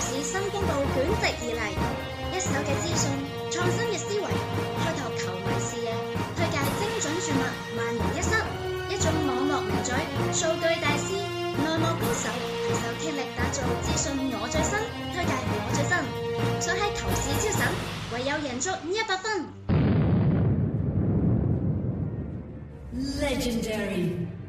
市新風暴卷席而嚟，一手嘅資訊，創新嘅思維，開拓球迷視野，推介精準注物，萬無一失。一種網絡名嘴，數據大師，內幕高手，攜手傾力打造資訊我最新，推介我最新，想喺球市超神，唯有贏足一百分。Legendary。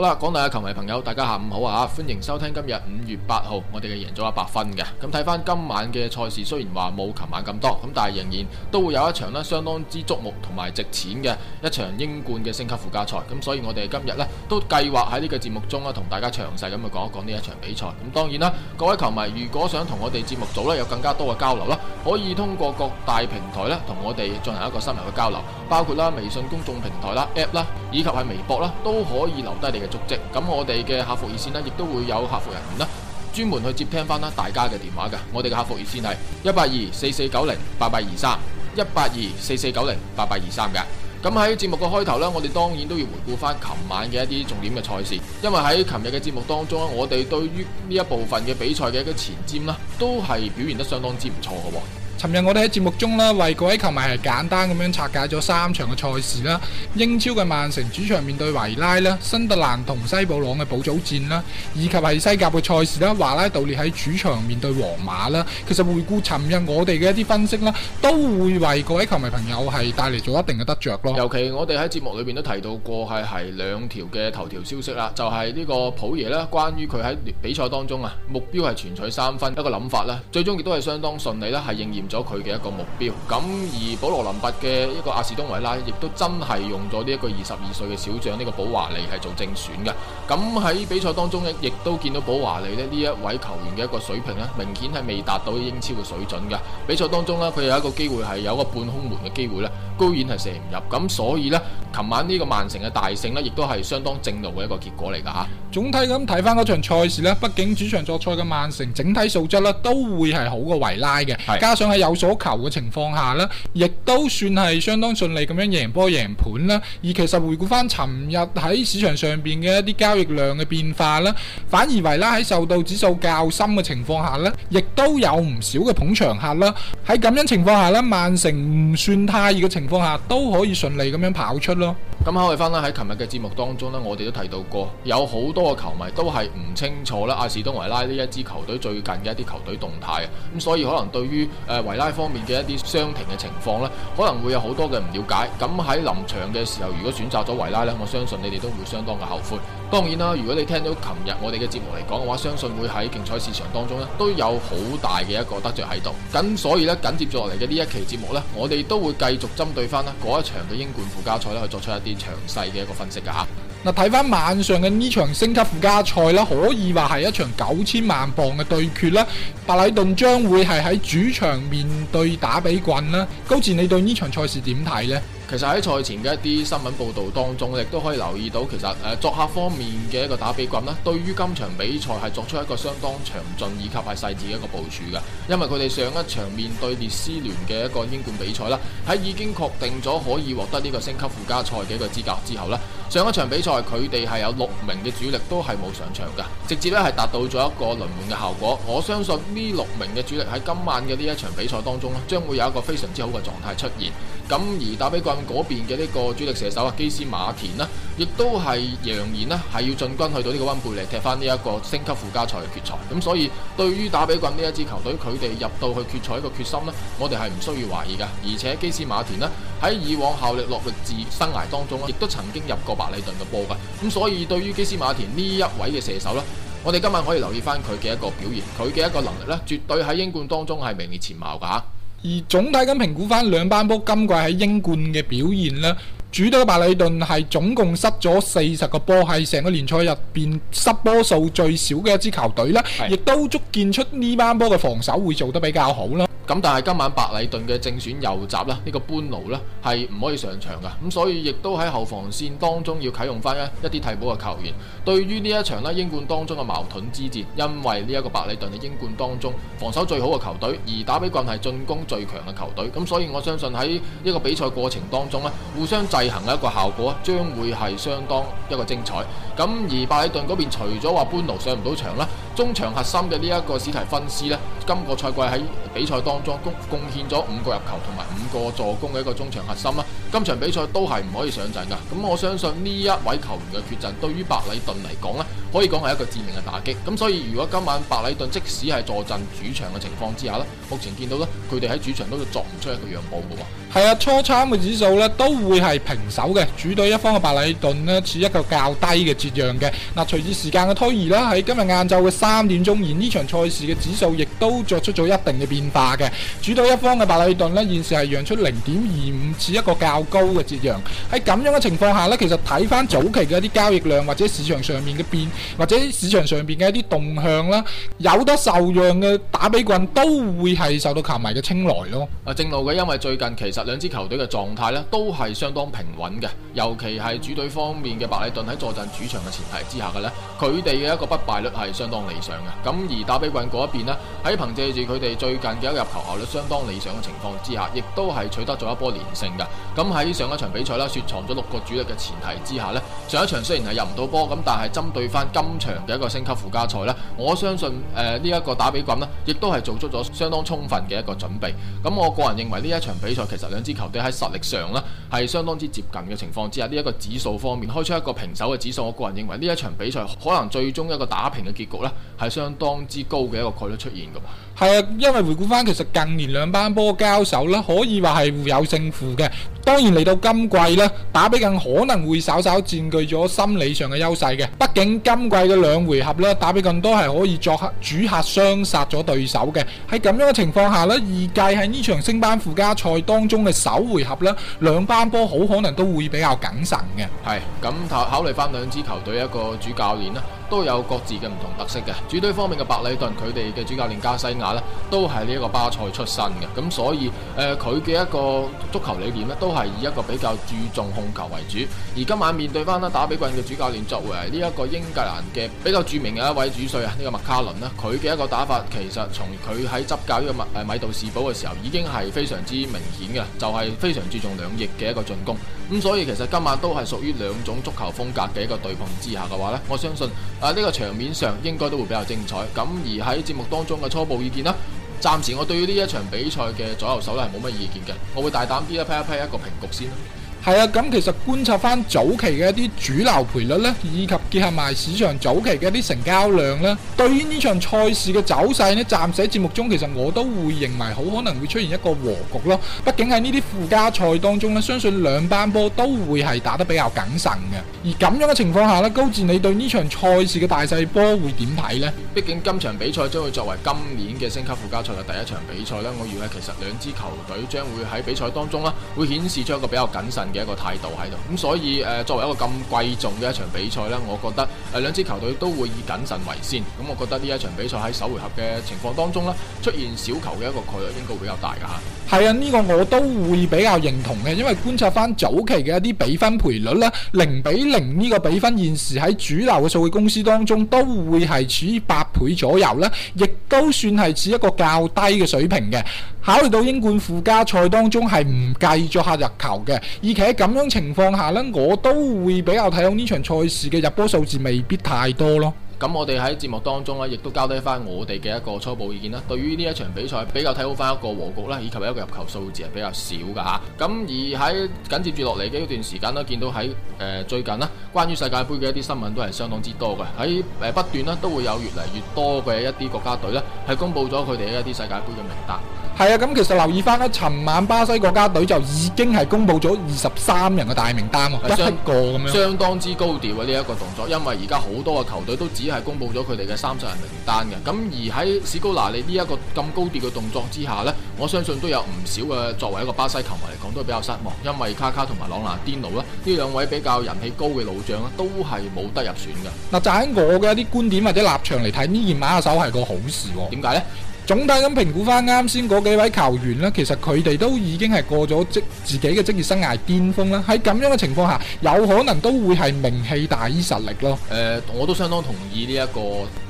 好啦，廣大嘅球迷朋友，大家下午好啊！歡迎收聽今日五月八號，我哋嘅贏足 100FUN 嘅。咁睇翻今晚嘅賽事，雖然話冇琴晚咁多，咁但係仍然都會有一場呢相當之矚目同埋值錢嘅一場英冠嘅升級附加賽。咁所以我哋今日呢，都計劃喺呢個節目中呢，同大家詳細咁去講一講呢一場比賽。咁當然啦，各位球迷如果想同我哋節目組呢，有更加多嘅交流啦，可以通過各大平台呢，同我哋進行一個深入嘅交流，包括啦微信公眾平台啦、App 啦，以及喺微博啦都可以留低你嘅。咁，續我哋嘅客服熱線呢，亦都會有客服人員咧，專門去接聽翻啦大家嘅電話噶。我哋嘅客服熱線係一八二四四九零八八二三一八二四四九零八八二三嘅。咁喺節目嘅開頭呢，我哋當然都要回顧翻琴晚嘅一啲重點嘅賽事，因為喺琴日嘅節目當中呢，我哋對於呢一部分嘅比賽嘅一個前瞻啦，都係表現得相當之唔錯嘅喎。尋日我哋喺節目中啦，為各位球迷係簡單咁樣拆解咗三場嘅賽事啦，英超嘅曼城主場面對維拉啦，新特蘭同西布朗嘅補組戰啦，以及係西甲嘅賽事啦，華拉道列喺主場面對皇馬啦。其實回顧尋日我哋嘅一啲分析啦，都會為各位球迷朋友係帶嚟咗一定嘅得着咯。尤其我哋喺節目裏面都提到過係係兩條嘅頭條消息啦，就係、是、呢個普耶啦，關於佢喺比賽當中啊，目標係全取三分一個諗法啦，最終亦都係相當順利啦，係應驗咗佢嘅一個目標，咁而保羅林拔嘅一個阿士東維拉，亦都真係用咗呢一個二十二歲嘅小將呢個保華利係做正選嘅。咁喺比賽當中咧，亦都見到保華利咧呢一位球員嘅一個水平咧，明顯係未達到英超嘅水準嘅。比賽當中咧，佢有一個機會係有個半空門嘅機會咧，居然係射唔入。咁所以咧，琴晚呢個曼城嘅大勝咧，亦都係相當正路嘅一個結果嚟噶吓。總體咁睇翻嗰場賽事咧，畢竟主場作賽嘅曼城整體素質咧都會係好過維拉嘅，加上喺。有所求嘅情況下呢亦都算係相當順利咁樣贏波贏盤啦。而其實回顧翻尋日喺市場上邊嘅一啲交易量嘅變化啦，反而維拉喺受到指數較深嘅情況下呢，亦都有唔少嘅捧場客啦。喺咁樣的情況下呢，曼城唔算太熱嘅情況下，都可以順利咁樣跑出咯。咁考慮翻啦，喺琴日嘅節目當中呢，我哋都提到過，有好多嘅球迷都係唔清楚啦，阿士東維拉呢一支球隊最近嘅一啲球隊動態啊，咁所以可能對於誒維拉方面嘅一啲傷停嘅情況呢，可能會有好多嘅唔了解。咁喺臨場嘅時候，如果選擇咗維拉呢，我相信你哋都會相當嘅後悔。當然啦，如果你聽到琴日我哋嘅節目嚟講嘅話，相信會喺競賽市場當中呢都有好大嘅一個得著喺度。咁所以呢，緊接咗落嚟嘅呢一期節目呢，我哋都會繼續針對翻嗰一場嘅英冠附加賽去作出一啲詳細嘅一個分析㗎嚇。嗱，睇翻晚上嘅呢場升級附加賽咧，可以話係一場九千萬磅嘅對決啦。白禮頓將會係喺主場面對打比郡啦。高志，你對呢場賽事點睇呢？其實喺賽前嘅一啲新聞報導當中，亦都可以留意到，其實誒作客方面嘅一個打比郡咧，對於今場比賽係作出一個相當詳盡以及係細緻嘅一個部署嘅。因為佢哋上一場面對列斯聯嘅一個英冠比賽啦，喺已經確定咗可以獲得呢個升級附加賽嘅一個資格之後咧，上一場比賽佢哋係有六名嘅主力都係冇上場嘅，直接咧係達到咗一個輪換嘅效果。我相信呢六名嘅主力喺今晚嘅呢一場比賽當中咧，將會有一個非常之好嘅狀態出現。咁而打比郡嗰邊嘅呢個主力射手啊，基斯馬田呢，亦都係揚言呢，係要進軍去到呢個温布利踢翻呢一個升級附加賽嘅決賽。咁所以對於打比郡呢一支球隊，佢哋入到去決賽嘅決心呢，我哋係唔需要懷疑噶。而且基斯馬田呢，喺以往效力落力職業生涯當中咧，亦都曾經入過白禮頓嘅波噶。咁所以對於基斯馬田呢一位嘅射手呢，我哋今晚可以留意翻佢嘅一個表現，佢嘅一個能力呢，絕對喺英冠當中係名列前茅噶、啊。而總體咁評估翻兩班波今季喺英冠嘅表現咧，主隊嘅白禮頓係總共失咗四十個波，係成個聯賽入邊失波數最少嘅一支球隊啦，亦是的 都足見出呢班波嘅防守會做得比較好啦。咁但係今晚白禮頓嘅正選右閘啦，呢個班奴呢係唔可以上場噶，咁所以亦都喺後防線當中要啟用翻一啲替補嘅球員。對於呢一場呢英冠當中嘅矛盾之戰，因為呢一個白禮頓喺英冠當中防守最好嘅球隊，而打比郡係進攻最強嘅球隊，咁所以我相信喺一個比賽過程當中呢，互相制衡嘅一個效果，將會係相當一個精彩。咁而白禮頓嗰邊除咗話班奴上唔到場啦。中場核心嘅呢一個史提分斯呢，今個賽季喺比賽當中貢貢獻咗五個入球同埋五個助攻嘅一個中場核心啦。今場比賽都係唔可以上陣噶，咁我相信呢一位球員嘅缺陣對於白禮頓嚟講呢，可以講係一個致命嘅打擊。咁所以如果今晚白禮頓即使係坐鎮主場嘅情況之下呢，目前見到呢，佢哋喺主場都做唔出一個讓步嘅喎。係啊，初參嘅指數呢都會係平手嘅，主隊一方嘅白禮頓呢，似一個較低嘅折讓嘅。嗱，啊，隨住時間嘅推移啦，喺今日晏晝嘅三三點鐘，年而呢場賽事嘅指數亦都作出咗一定嘅變化嘅。主隊一方嘅白禮頓呢，現時係讓出零點二五，似一個較高嘅折讓。喺咁樣嘅情況下呢，其實睇翻早期嘅一啲交易量，或者市場上面嘅變，或者市場上面嘅一啲動向啦，有得受讓嘅打比棍都會係受到球迷嘅青睞咯。啊，正路嘅，因為最近其實兩支球隊嘅狀態呢，都係相當平穩嘅，尤其係主隊方面嘅白禮頓喺坐鎮主場嘅前提之下嘅呢，佢哋嘅一個不敗率係相當上嘅咁，而打比棍嗰一邊呢，喺憑借住佢哋最近嘅一個入球效率相當理想嘅情況之下，亦都係取得咗一波連勝嘅。咁喺上一場比賽啦，雪藏咗六個主力嘅前提之下呢，上一場雖然係入唔到波咁，但係針對翻今場嘅一個升級附加賽呢，我相信誒呢一個打比棍呢，亦都係做出咗相當充分嘅一個準備。咁我個人認為呢一場比賽其實兩支球隊喺實力上呢，係相當之接近嘅情況之下，呢一個指數方面開出一個平手嘅指數，我個人認為呢一場比賽可能最終一個打平嘅結局呢。係相當之高嘅一個概率，出現噶嘛，係啊，因為回顧翻，其實近年兩班波交手咧，可以話係互有勝負嘅。當然嚟到今季呢，打比更可能會稍稍佔據咗心理上嘅優勢嘅。畢竟今季嘅兩回合呢，打比更多係可以作客主客雙殺咗對手嘅。喺咁樣嘅情況下呢，預計喺呢場升班附加賽當中嘅首回合呢，兩班波好可能都會比較謹慎嘅。係咁考考慮翻兩支球隊一個主教練啦。都有各自嘅唔同特色嘅，主隊方面嘅白禮頓佢哋嘅主教練加西亞都係呢一個巴塞出身嘅，咁所以誒佢嘅一個足球理念呢都係以一個比較注重控球為主。而今晚面對翻打比郡嘅主教練，作為呢一個英格蘭嘅比較著名嘅一位主帥啊，呢、這個麥卡倫呢佢嘅一個打法其實從佢喺執教呢個麥米杜士堡嘅時候，已經係非常之明顯嘅，就係、是、非常注重兩翼嘅一個進攻。咁、嗯、所以其實今晚都係屬於兩種足球風格嘅一個對碰之下嘅話呢，我相信啊呢、呢個場面上應該都會比較精彩。咁而喺節目當中嘅初步意見啦，暫時我對於呢一場比賽嘅左右手呢係冇乜意見嘅，我會大膽啲一批一批一個平局先。係啊，咁其實觀察翻早期嘅一啲主流賠率呢，以及結合埋市場早期嘅一啲成交量呢，對於呢場賽事嘅走勢呢，暫時喺節目中其實我都會認為好可能會出現一個和局咯。畢竟喺呢啲附加賽當中呢，相信兩班波都會係打得比較謹慎嘅。而咁樣嘅情況下呢，高志你對呢場賽事嘅大細波會點睇呢？畢竟今場比賽將會作為今年嘅升級附加賽嘅第一場比賽呢，我以為其實兩支球隊將會喺比賽當中呢，會顯示出一個比較謹慎。嘅一個態度喺度，咁所以誒、呃，作為一個咁貴重嘅一場比賽咧，我覺得誒，兩支球隊都會以謹慎為先，咁我覺得呢一場比賽喺首回合嘅情況當中咧，出現小球嘅一個概率應該會比較大噶吓。係啊，呢、這個我都會比較認同嘅，因為觀察翻早期嘅一啲比分賠率咧，零比零呢個比分現時喺主流嘅數據公司當中都會係處於八倍左右咧，亦都算係至一個較低嘅水平嘅。考慮到英冠附加賽當中係唔計咗客入球嘅，且咁樣情況下呢，我都會比較睇好呢場賽事嘅入波數字未必太多咯。咁我哋喺節目當中呢，亦都交低翻我哋嘅一個初步意見啦。對於呢一場比賽，比較睇好翻一個和局啦，以及一個入球數字係比較少噶吓。咁而喺緊接住落嚟嘅一段時間咧，見到喺誒、呃、最近啦，關於世界杯嘅一啲新聞都係相當之多嘅。喺誒不斷咧，都會有越嚟越多嘅一啲國家隊咧，係公布咗佢哋嘅一啲世界杯嘅名單。係啊，咁其實留意翻呢尋晚巴西國家隊就已經係公布咗二十三人嘅大名單喎，一個咁樣相當之高調啊！呢一個動作，因為而家好多嘅球隊都只係公布咗佢哋嘅三十人名單嘅。咁而喺史高拿利呢一個咁高調嘅動作之下呢，我相信都有唔少嘅作為一個巴西球迷嚟講，都比較失望，因為卡卡同埋朗拿甸奴啦，呢兩位比較人氣高嘅老將都係冇得入選嘅。嗱，就喺我嘅一啲觀點或者立場嚟睇，呢二碼手係個好事喎？點解呢？總體咁評估翻啱先嗰幾位球員呢，其實佢哋都已經係過咗職自己嘅職業生涯巔峰啦。喺咁樣嘅情況下，有可能都會係名氣大於實力咯。呃，我都相當同意呢一個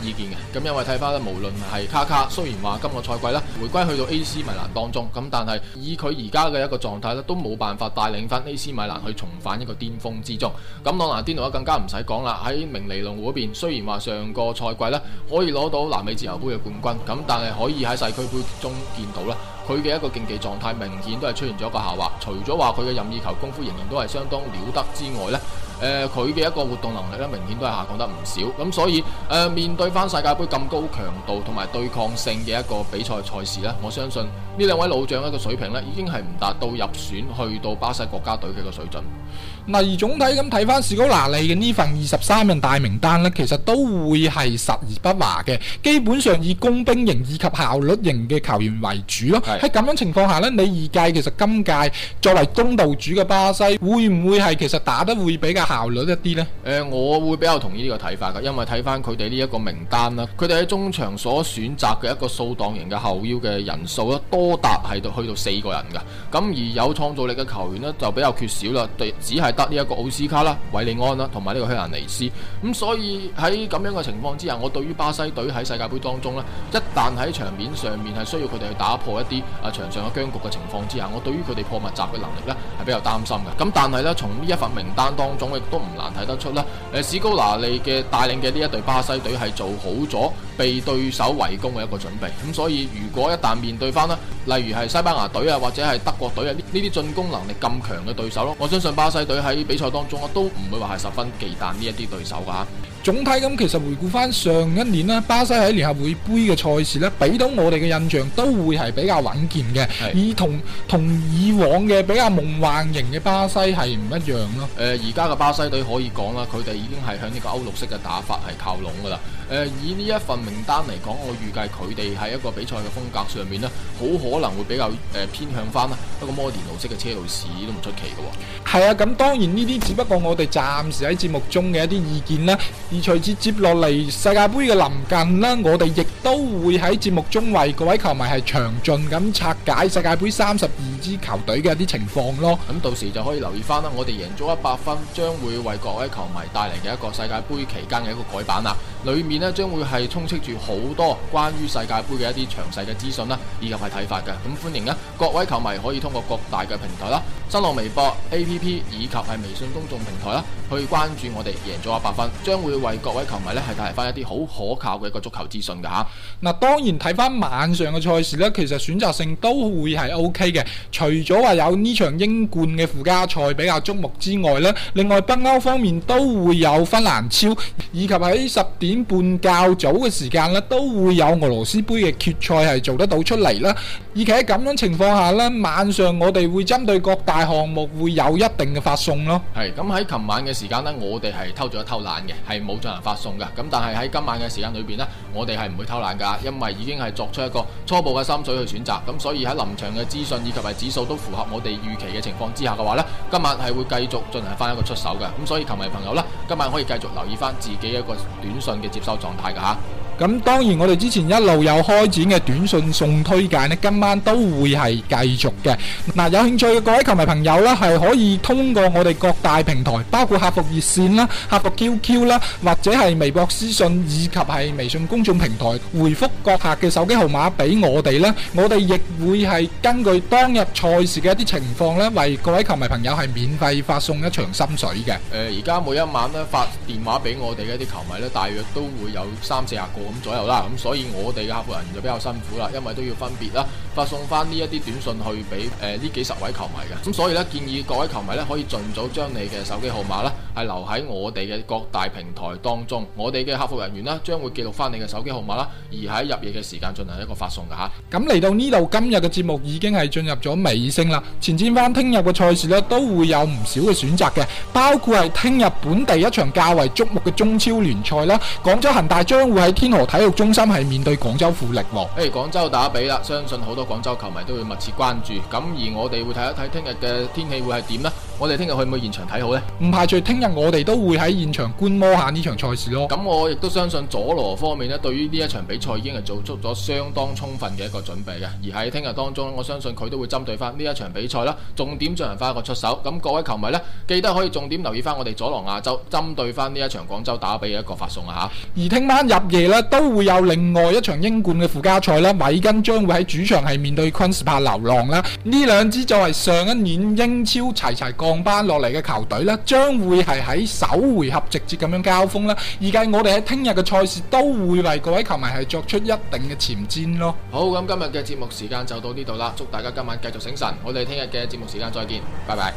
意見嘅。咁因為睇翻咧，無論係卡卡，雖然話今個賽季呢回歸去到 AC 米蘭當中，咁但係以佢而家嘅一個狀態咧，都冇辦法帶領翻 AC 米蘭去重返一個巔峰之中。咁朗拿甸奴更加唔使講啦，喺明尼龍湖嗰邊，雖然話上個賽季呢可以攞到南美自由杯嘅冠軍，咁但係可以可以喺世俱杯中見到啦，佢嘅一個競技狀態明顯都係出現咗一個下滑。除咗話佢嘅任意球功夫仍然都係相當了得之外咧，誒、呃，佢嘅一個活動能力咧明顯都係下降得唔少。咁所以誒、呃、面對翻世界杯咁高強度同埋對抗性嘅一個比賽賽事咧，我相信。呢兩位老將咧，個水平咧，已經係唔達到入選去到巴西國家隊嘅個水準。嗱，而總體咁睇翻士高拿利嘅呢份二十三人大名單呢，其實都會係實而不華嘅，基本上以工兵型以及效率型嘅球員為主咯。喺咁是樣情況下呢，你二屆其實今屆作為東道主嘅巴西，會唔會係其實打得會比較效率一啲呢？誒、呃，我會比較同意呢個睇法嘅，因為睇翻佢哋呢一個名單啦，佢哋喺中場所選擇嘅一個掃蕩型嘅後腰嘅人數啦多。多達係到去到四個人噶，咁而有創造力嘅球員呢，就比較缺少啦，隊只係得呢一個奧斯卡啦、韋利安啦，同埋呢個香蘭尼斯，咁所以喺咁樣嘅情況之下，我對於巴西隊喺世界杯當中呢，一旦喺場面上面係需要佢哋去打破一啲啊場上嘅僵局嘅情況之下，我對於佢哋破密集嘅能力呢係比較擔心嘅。咁但係呢，從呢一份名單當中亦都唔難睇得出咧，史高拿利嘅帶領嘅呢一隊巴西隊係做好咗。被對手圍攻嘅一個準備，咁所以如果一旦面對翻咧，例如係西班牙隊啊，或者係德國隊啊，呢啲進攻能力咁強嘅對手咯，我相信巴西隊喺比賽當中啊，都唔會話係十分忌憚呢一啲對手噶、啊。總體咁其實回顧翻上一年咧，巴西喺聯合會杯嘅賽事呢，俾到我哋嘅印象都會係比較穩健嘅，而是同同以往嘅比較夢幻型嘅巴西係唔一樣咯。誒、呃，而家嘅巴西隊可以講啦，佢哋已經係向呢個歐陸式嘅打法係靠攏噶啦。誒以呢一份名單嚟講，我預計佢哋喺一個比賽嘅風格上面呢，好可能會比較、呃、偏向翻啦。不過摩連奴式嘅車路士都唔出奇㗎喎。係啊，咁當然呢啲只不過我哋暫時喺節目中嘅一啲意見啦。而隨住接落嚟世界盃嘅臨近啦，我哋亦都會喺節目中為各位球迷係詳盡咁拆解世界盃三十二支球隊嘅一啲情況咯。咁到時就可以留意翻啦。我哋贏足一百分，將會為各位球迷帶嚟嘅一個世界盃期間嘅一個改版啦。裏面將會係充斥住好多關於世界盃嘅一啲詳細嘅資訊啦，以及係睇法嘅。咁歡迎啊，各位球迷可以通過各大嘅平台啦，新浪微博 A P P 以及係微信公眾平台啦，去關注我哋贏足 100FUN，將會為各位球迷呢係帶嚟一啲好可靠嘅一個足球資訊㗎吓。嗱，當然睇翻晚上嘅賽事呢，其實選擇性都會係 O K 嘅。除咗話有呢場英冠嘅附加賽比較矚目之外呢，另外北歐方面都會有芬蘭超，以及喺十點，點半較早嘅時間咧，都會有俄羅斯盃嘅決賽係做得到出嚟啦。而且喺咁樣的情況下咧，晚上我哋會針對各大項目會有一定嘅發送咯。係咁喺琴晚嘅時間咧，我哋係偷咗偷懶嘅，係冇進行發送噶。咁但係喺今晚嘅時間裏邊咧，我哋係唔會偷懶噶，因為已經係作出一個初步嘅心水去選擇。咁所以喺臨場嘅資訊以及係指數都符合我哋預期嘅情況之下嘅話呢，今晚係會繼續進行翻一個出手嘅。咁所以球迷朋友啦，今晚可以繼續留意翻自己一個短信嘅接收狀態㗎吓。咁當然，我哋之前一路有開展嘅短信送推介咧，今晚都會係繼續嘅。嗱，有興趣嘅各位球迷朋友咧，係可以通過我哋各大平台，包括客服熱線啦、客服 QQ 啦，或者係微博私信以及係微信公眾平台，回覆各客嘅手機號碼俾我哋咧，我哋亦會係根據當日賽事嘅一啲情況咧，為各位球迷朋友係免費發送一場心水嘅。誒，而家每一晚咧發電話俾我哋嘅一啲球迷咧，大約都會有三四廿個，咁左右啦，咁所以我哋嘅客服人員就比較辛苦啦，因為都要分別啦，發送翻呢一啲短信去俾誒呢幾十位球迷嘅。咁所以咧，建議各位球迷咧可以盡早將你嘅手機號碼啦，係留喺我哋嘅各大平台當中，我哋嘅客服人員咧將會記錄翻你嘅手機號碼啦，而喺入夜嘅時間進行一個發送嘅吓。咁嚟到呢度，今日嘅節目已經係進入咗尾聲啦。前瞻翻聽日嘅賽事咧，都會有唔少嘅選擇嘅，包括係聽日本地一場較為矚目嘅中超聯賽啦，廣州恒大將會喺天河體育中心係面對廣州富力喎，哦，誒，廣州打比啦，相信好多廣州球迷都會密切關注。咁而我哋會睇一睇聽日嘅天氣會係點呢？我哋聽日去唔去現場睇好呢？唔排除聽日我哋都會喺現場觀摩下呢場賽事咯。咁我亦都相信佐羅方面呢，對於呢一場比賽已經係做出咗相當充分嘅一個準備嘅。而喺聽日當中，我相信佢都會針對翻呢一場比賽啦，重點進行翻一個出手。咁各位球迷呢，記得可以重點留意翻我哋佐羅亞洲針對翻呢一場廣州打比嘅一個發送啊！吓。而聽晚入夜呢，都會有另外一場英冠嘅附加賽啦。米根將會喺主場係面對昆士柏流浪啦。呢兩支就係上一年英超齊齊降班落嚟嘅球隊呢，將會係喺首回合直接咁樣交鋒啦。而家我哋喺聽日嘅賽事都會為各位球迷係作出一定嘅前瞻咯。好，咁今日嘅節目時間就到呢度啦。祝大家今晚繼續醒神，我哋聽日嘅節目時間再見，拜拜。